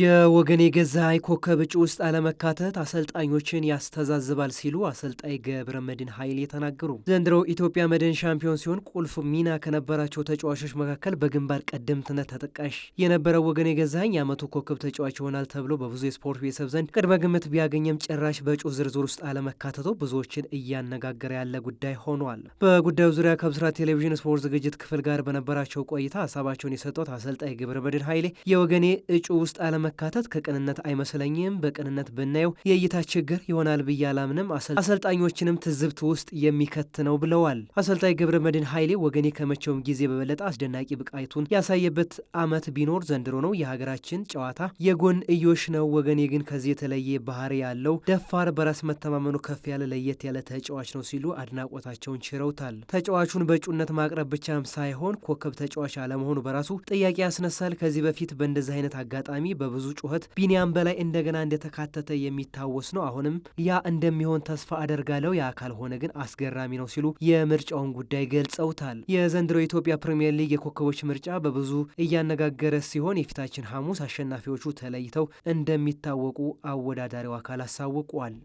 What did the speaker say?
የወገኔ ገዛ ኮከብ እጩ ውስጥ አለመካተት አሰልጣኞችን ያስተዛዝባል ሲሉ አሰልጣኝ ገብረ መድን ኃይሌ ተናገሩ። ዘንድሮ ኢትዮጵያ መድን ሻምፒዮን ሲሆን ቁልፍ ሚና ከነበራቸው ተጫዋቾች መካከል በግንባር ቀደምትነት ተጠቃሽ የነበረው ወገኔ ገዛኝ የአመቱ ኮከብ ተጫዋች ይሆናል ተብሎ በብዙ የስፖርት ቤተሰብ ዘንድ ቅድመ ግምት ቢያገኘም ጭራሽ በእጩ ዝርዝር ውስጥ አለመካተቱ ብዙዎችን እያነጋገረ ያለ ጉዳይ ሆኗል። በጉዳዩ ዙሪያ ከብስራት ቴሌቪዥን ስፖርት ዝግጅት ክፍል ጋር በነበራቸው ቆይታ ሀሳባቸውን የሰጡት አሰልጣኝ ገብረ መድን ኃይሌ የወገኔ እጩ ውስጥ አለመካተት ከቅንነት አይመስለኝም። በቅንነት ብናየው የእይታ ችግር ይሆናል ብዬ አላምንም። አሰልጣኞችንም ትዝብት ውስጥ የሚከት ነው ብለዋል። አሰልጣኝ ገብረ መድህን ኃይሌ ወገኔ ከመቼውም ጊዜ በበለጠ አስደናቂ ብቃቱን ያሳየበት አመት ቢኖር ዘንድሮ ነው። የሀገራችን ጨዋታ የጎን እዮሽ ነው። ወገኔ ግን ከዚህ የተለየ ባህሪ ያለው ደፋር፣ በራስ መተማመኑ ከፍ ያለ ለየት ያለ ተጫዋች ነው ሲሉ አድናቆታቸውን ችረውታል። ተጫዋቹን በእጩነት ማቅረብ ብቻም ሳይሆን ኮከብ ተጫዋች አለመሆኑ በራሱ ጥያቄ ያስነሳል። ከዚህ በፊት በእንደዚህ አይነት አጋጣሚ በብዙ ጩኸት ቢኒያም በላይ እንደገና እንደተካተተ የሚታወስ ነው። አሁንም ያ እንደሚሆን ተስፋ አደርጋለሁ፣ ያ ካልሆነ ግን አስገራሚ ነው ሲሉ የምርጫውን ጉዳይ ገልጸውታል። የዘንድሮ የኢትዮጵያ ፕሪምየር ሊግ የኮከቦች ምርጫ በብዙ እያነጋገረ ሲሆን የፊታችን ሐሙስ አሸናፊዎቹ ተለይተው እንደሚታወቁ አወዳዳሪው አካል አሳውቋል።